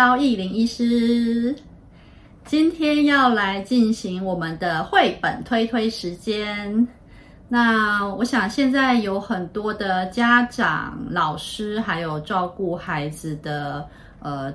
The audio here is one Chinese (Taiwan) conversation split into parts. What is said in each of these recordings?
蕭亦伶醫師，今天要來進行我們的繪本推推時間。那我想現在有很多的家長、老師，還有照顧孩子的呃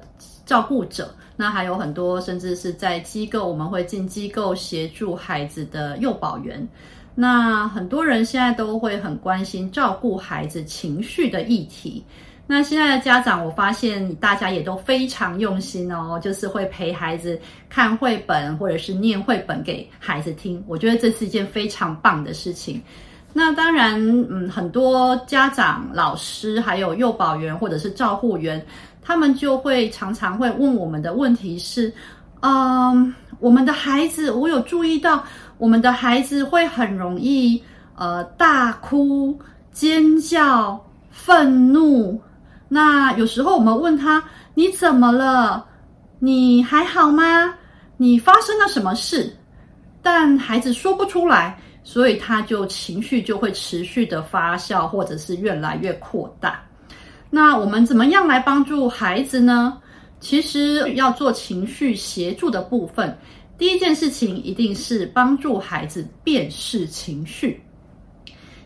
照顧者，那還有很多甚至是在機構，我們會進機構協助孩子的幼保員。那很多人現在都會很關心照顧孩子情緒的議題。那現在的家長，我發現大家也都非常用心哦，就是會陪孩子看繪本，或者是念繪本給孩子聽。我覺得這是一件非常棒的事情。那當然，嗯，很多家長、老師，還有幼保員或者是照護員，他們就會常常會問我們的問題是：嗯，我們的孩子，我有注意到，我們的孩子會很容易，呃，大哭、尖叫、憤怒。那有時候我們問他：“你怎麼了？你還好嗎？你發生了什麼事？”但孩子說不出來，所以他就情緒就會持續的發酵，或者是越來越擴大。那我們怎麼樣來幫助孩子呢？其實要做情緒協助的部分，第一件事情一定是幫助孩子辨識情緒。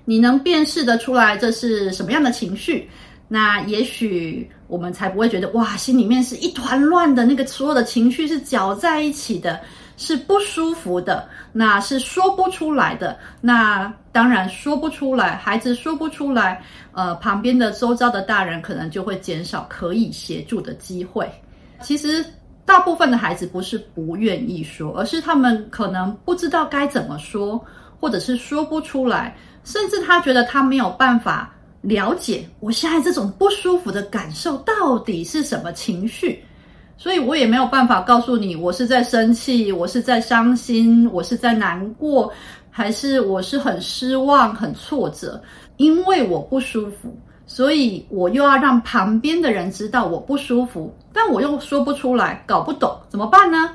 你能辨識得出來這是什麼樣的情緒？那也許我們才不會覺得哇，心裡面是一團亂的那個，所有的情緒是攪在一起的，是不舒服的，那是說不出來的。那當然說不出來，孩子說不出來，呃，旁邊的周遭的大人可能就會減少可以協助的機會。其實大部分的孩子不是不願意說，而是他們可能不知道該怎麼說，或者是說不出來，甚至他覺得他沒有辦法。了解我現在這種不舒服的感受到底是什麼情緒，所以我也沒有辦法告訴你，我是在生氣，我是在傷心，我是在難過，還是我是很失望、很挫折？因為我不舒服，所以我又要讓旁邊的人知道我不舒服，但我又說不出來，搞不懂怎麼辦呢？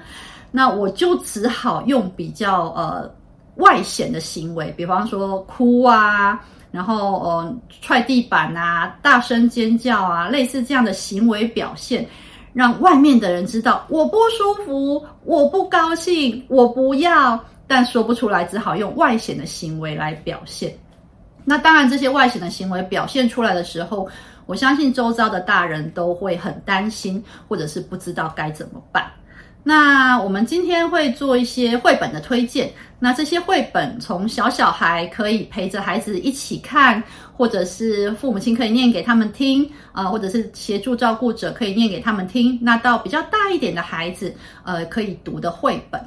那我就只好用比較呃外顯的行為，比方說哭啊。然後，呃，踹地板啊，大聲尖叫啊，類似這樣的行為表現，讓外面的人知道我不舒服，我不高興，我不要，但說不出來，只好用外顯的行為來表現。那當然，這些外顯的行為表現出來的時候，我相信周遭的大人都會很擔心，或者是不知道該怎麼辦。那我們今天會做一些繪本的推薦。那這些繪本從小小孩可以陪着孩子一起看，或者是父母親可以念給他們聽啊，呃，或者是協助照顧者可以念給他們聽。那到比較大一點的孩子，呃，可以讀的繪本。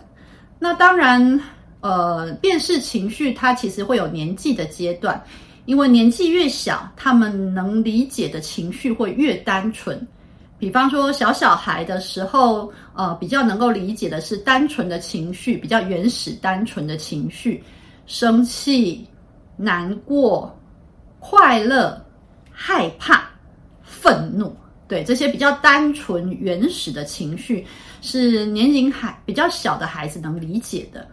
那當然，呃，辨識情緒它其實會有年紀的階段，因為年紀越小，他們能理解的情緒會越單純。比方說，小小孩的時候，呃，比較能夠理解的是單純的情緒，比較原始、單純的情緒，生氣、難過、快樂、害怕、憤怒，對，這些比較單純、原始的情緒，是年齡還比較小的孩子能理解的。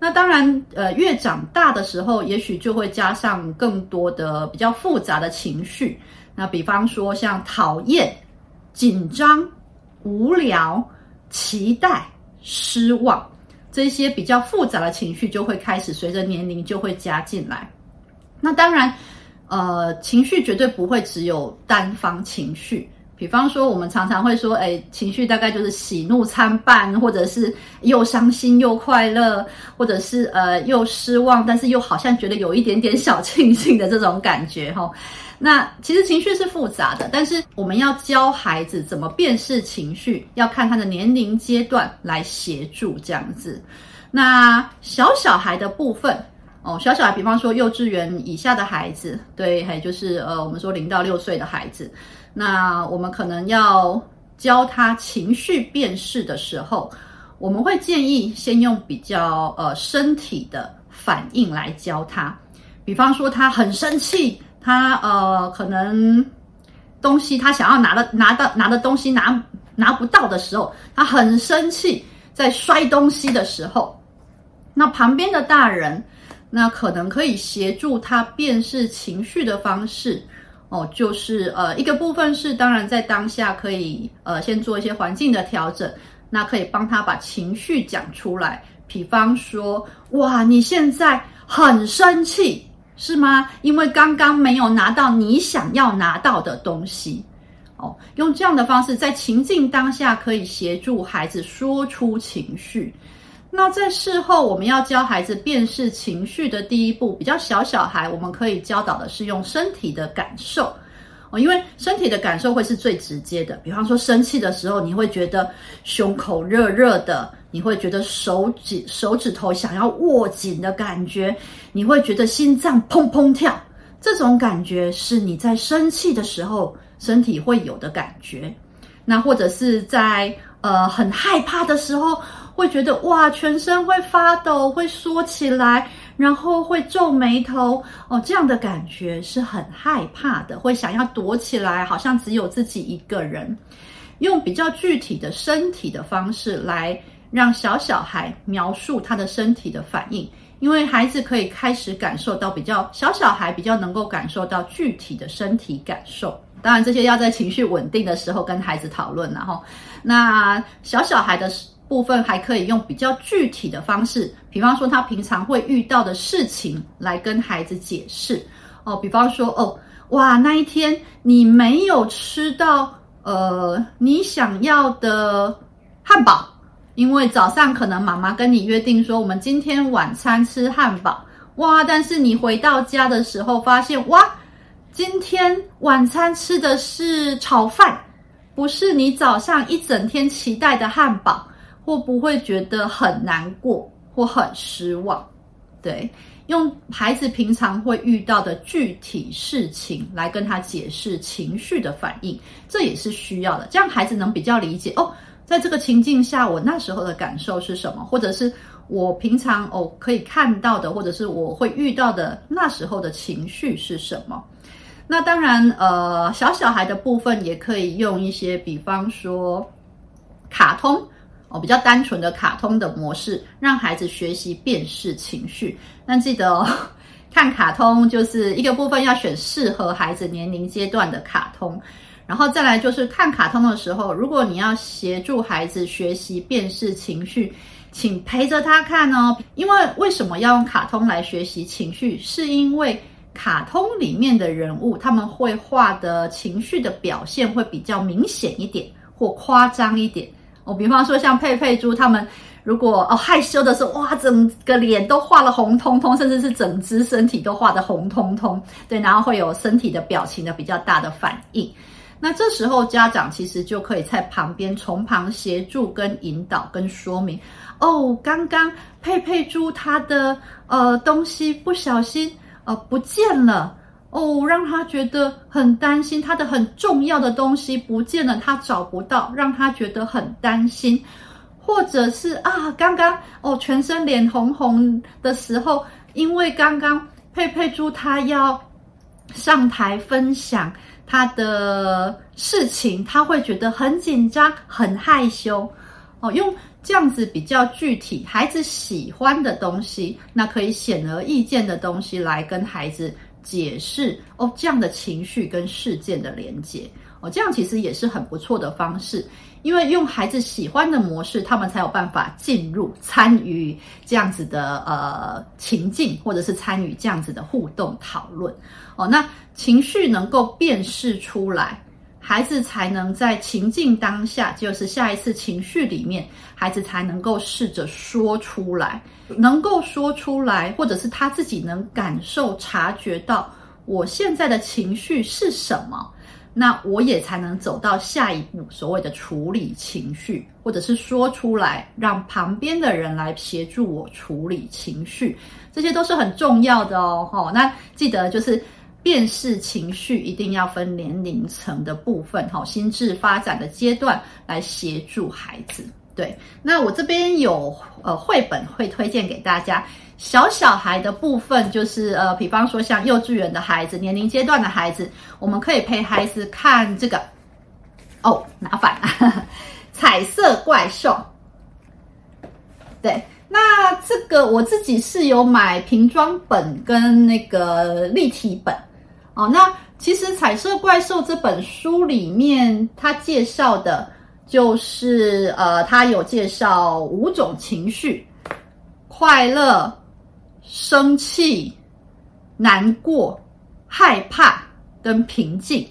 那當然，呃，越長大的時候，也許就會加上更多的比較複雜的情緒。那比方說，像討厭。緊張、無聊、期待、失望，這些比較複雜的情緒就會開始，隨着年齡就會加進來。那當然，呃，情緒絕對不會只有單方情緒。比方說，我們常常會說，誒、哎、情緒大概就是喜怒參半，或者是又傷心又快樂，或者是呃又失望，但是又好像覺得有一點點小慶幸的這種感覺，哈、哦。那其實情緒是複雜的，但是我們要教孩子怎麼辨識情緒，要看他的年齡階段來協助這樣子。那小小孩的部分，哦，小小孩，比方說幼稚園以下的孩子，對，還、哎、就是呃，我們說零到六歲的孩子。那我們可能要教他情緒辨識的時候，我們會建議先用比較呃身體的反應來教他。比方說他很生氣，他呃可能東西他想要拿的拿到拿的東西拿拿不到的時候，他很生氣，在摔東西的時候，那旁邊的大人那可能可以協助他辨識情緒的方式。哦，就是呃，一個部分是，當然在當下可以呃，先做一些環境的調整，那可以幫他把情緒講出來。比方說，哇，你現在很生氣，是嗎？因為剛剛沒有拿到你想要拿到的東西。哦，用這樣的方式，在情境當下可以協助孩子說出情緒。那在事後，我們要教孩子辨識情緒的第一步，比較小小孩，我們可以教導的是用身體的感受。哦，因為身體的感受會是最直接的。比方說，生氣的時候，你會覺得胸口熱熱的，你會覺得手指手指頭想要握緊的感覺，你會覺得心臟砰砰跳，這種感覺是你在生氣的時候身體會有的感覺。那或者是在，呃，很害怕的時候。會覺得哇，全身會發抖，會縮起來，然後會皺眉頭哦，這樣的感覺是很害怕的，會想要躲起來，好像只有自己一個人，用比較具體的身體的方式來讓小小孩描述他的身體的反應，因為孩子可以開始感受到，比較小小孩比較能夠感受到具體的身體感受。當然，這些要在情緒穩定的時候跟孩子討論，啊，然後，那小小孩的部分還可以用比較具體的方式，比方說他平常會遇到的事情來跟孩子解釋哦。比方說，哦，哇，那一天你沒有吃到，呃，你想要的漢堡，因為早上可能媽媽跟你約定說我們今天晚餐吃漢堡，哇，但是你回到家的時候發現，哇，今天晚餐吃的是炒飯，不是你早上一整天期待的漢堡。或不會覺得很難過或很失望，對，用孩子平常會遇到的具體事情來跟他解釋情緒的反應，這也是需要的，這樣孩子能比較理解哦。在這個情境下，我那時候的感受是什麼？或者是我平常哦可以看到的，或者是我會遇到的那時候的情緒是什麼？那當然，呃，小小孩的部分也可以用一些，比方說卡通。比較單純的卡通的模式，讓孩子學習辨識情緒。那記得哦，看卡通就是一個部分要選適合孩子年齡階段的卡通，然後再來就是看卡通的時候，如果你要協助孩子學習辨識情緒，請陪着他看哦。因為為什麼要用卡通來學習情緒？是因為卡通裡面的人物他們會畫的情緒的表現會比較明顯一點，或誇張一點。我、哦、比方說像佩佩豬他們，如果哦害羞的時候，哇，整個臉都畫了紅通通，甚至是整隻身體都畫的紅通通。對，然後會有身體的表情的比較大的反應。那這時候家長其實就可以在旁邊從旁協助、跟引導、跟說明。哦，剛剛佩佩豬他的呃東西不小心呃不見了。哦，讓他覺得很擔心，他的很重要的東西不見了，他找不到，讓他覺得很擔心，或者是啊，剛剛哦，全身臉紅紅的時候，因為剛剛佩佩豬他要上台分享他的事情，他會覺得很緊張、很害羞。哦，用這樣子比較具體、孩子喜歡的東西，那可以顯而易見的東西來跟孩子解釋哦，這樣的情緒跟事件的連接哦，這樣其實也是很不錯的方式，因為用孩子喜歡的模式，他們才有辦法進入參與這樣子的呃情境，或者是參與這樣子的互動討論哦。那情緒能夠辨識出來。孩子才能在情境當下，就是下一次情緒裡面，孩子才能夠試着說出來，能夠說出來，或者是他自己能感受、察覺到我現在的情緒是什麼，那我也才能走到下一步，所謂的處理情緒，或者是說出來，讓旁邊的人來協助我處理情緒，這些都是很重要的哦。齁、哦，那記得就是。辨識情緒一定要分年齡層的部分、哦，哈，心智發展的階段來協助孩子。對，那我這邊有呃繪本會推薦給大家。小小孩的部分就是呃，比方說像幼稚園的孩子，年齡階段的孩子，我們可以陪孩子看這個。哦，拿反了，彩色怪獸。對，那這個我自己是有買瓶裝本跟那個立體本。哦，那其實《彩色怪獸》這本書裡面，他介紹的就是，呃，他有介紹五種情緒：快樂、生氣、難過、害怕跟平靜。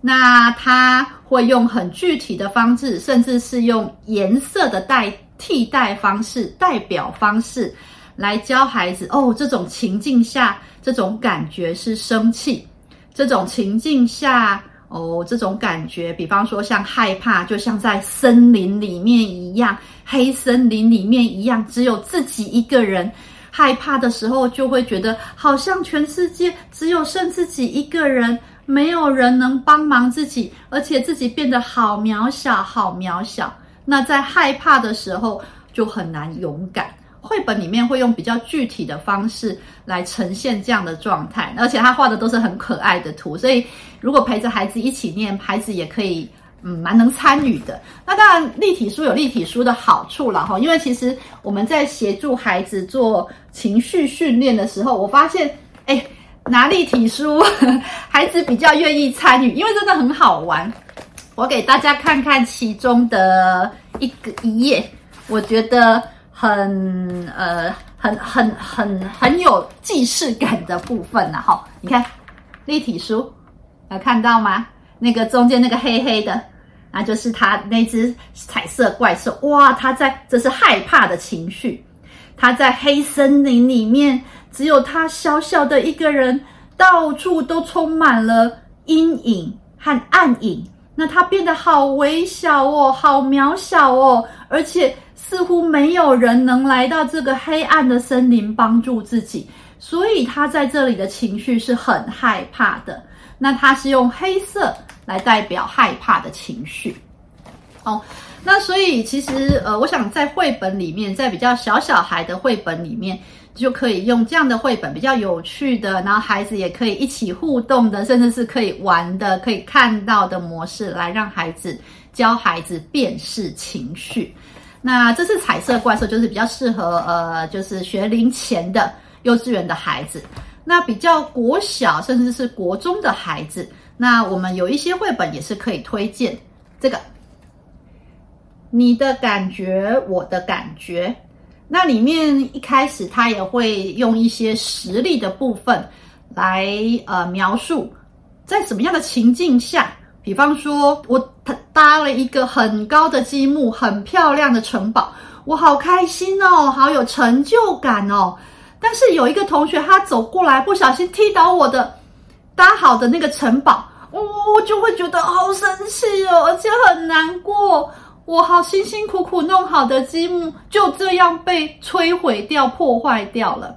那他會用很具體的方式，甚至是用顏色的代替代方式、代表方式，來教孩子，哦，這種情境下，這種感覺是生氣。這種情境下，哦，這種感覺，比方說像害怕，就像在森林裡面一樣，黑森林裡面一樣，只有自己一個人，害怕的時候就會覺得好像全世界只有剩自己一個人，沒有人能幫忙自己，而且自己變得好渺小，好渺小。那在害怕的時候就很難勇敢。繪本裡面會用比較具體的方式來呈現這樣的狀態，而且他畫的都是很可愛的圖，所以如果陪着孩子一起念，孩子也可以嗯蠻能參與的。那當然立體書有立體書的好處啦齁，因為其實我們在協助孩子做情緒訓練的時候，我發現欸拿立體書孩子比較願意參與，因為真的很好玩。我給大家看看其中的一個一頁，我覺得。很呃，很很很很有既視感的部分然、啊、後，你看立體書，有看到嗎？那個中間那個黑黑的，那就是他那隻彩色怪獸。哇，他在這是害怕的情緒，他在黑森林裡面，只有他小小的一個人，到處都充滿了陰影和暗影，那他變得好微小哦，好渺小哦，而且。似乎沒有人能來到這個黑暗的森林幫助自己，所以他在這裡的情緒是很害怕的。那他是用黑色來代表害怕的情緒。哦，那所以其實呃，我想在繪本裡面，在比較小小孩的繪本裡面，就可以用這樣的繪本，比較有趣的，然後孩子也可以一起互動的，甚至是可以玩的，可以看到的模式來讓孩子教孩子辨識情緒。那這是彩色怪獸，就是比較適合呃，就是學齡前的幼稚園的孩子。那比較國小甚至是國中的孩子，那我們有一些繪本也是可以推薦。這個，你的感覺，我的感覺。那裡面一開始他也會用一些實例的部分來呃描述，在什麼樣的情境下。比方說，我搭了一個很高的積木，很漂亮的城堡，我好開心哦，好有成就感哦。但是有一個同學他走過來，不小心踢倒我的搭好的那個城堡，我、哦、我就會覺得好生氣哦，而且很難過。我好辛辛苦苦弄好的積木就這樣被摧毀掉、破壞掉了。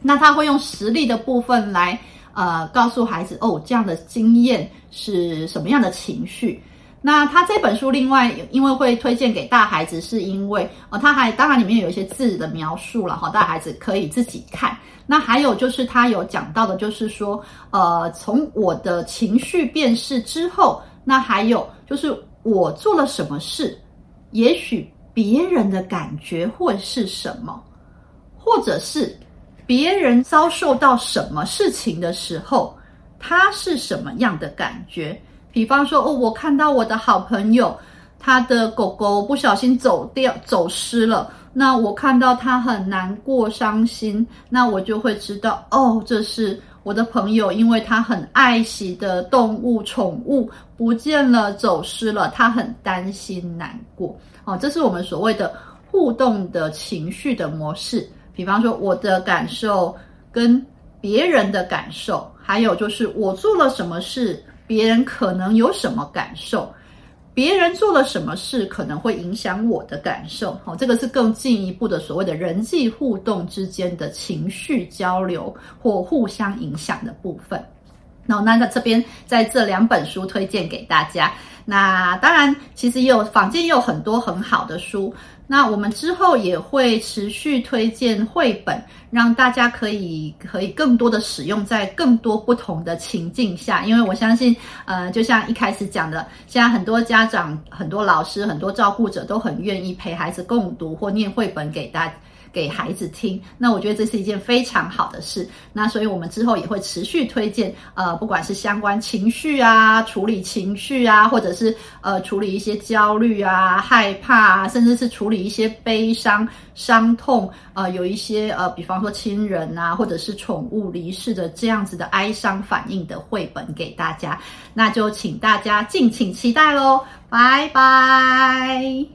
那他會用實例的部分來。呃，告訴孩子哦，這樣的經驗是什麼樣的情緒？那他這本書另外，因為會推薦給大孩子，是因為呃、哦，他還當然裡面有一些字的描述了好、哦，大孩子可以自己看。那還有就是他有講到的，就是說，呃，從我的情緒辨識之後，那還有就是我做了什麼事，也許別人的感覺會是什麼，或者是。別人遭受到什麼事情的時候，他是什麼樣的感覺？比方說，哦，我看到我的好朋友，他的狗狗不小心走掉、走失了，那我看到他很難過、傷心，那我就會知道，哦，這是我的朋友，因為他很愛惜的動物、寵物不見了、走失了，他很擔心、難過。哦，這是我們所謂的互動的情緒的模式。比方說，我的感受跟別人的感受，還有就是我做了什麼事，別人可能有什麼感受；別人做了什麼事，可能會影響我的感受。好，哦，這個是更進一步的所謂的人際互動之間的情緒交流或互相影響的部分。那那在這邊，在這兩本書推薦給大家。那當然，其實也有坊間也有很多很好的書。那我們之後也會持續推薦繪本，讓大家可以可以更多的使用在更多不同的情境下，因為我相信，呃，就像一開始講的，現在很多家長、很多老師、很多照顧者都很願意陪孩子共讀或念繪本給大家給孩子聽，那我覺得這是一件非常好的事。那所以，我們之後也會持續推薦，呃，不管是相關情緒啊、處理情緒啊，或者是呃處理一些焦慮啊、害怕啊，甚至是處理一些悲傷、傷痛，呃，有一些呃，比方說親人啊，或者是寵物離世的這樣子的哀傷反應的繪本給大家，那就請大家敬請期待嘍，拜拜。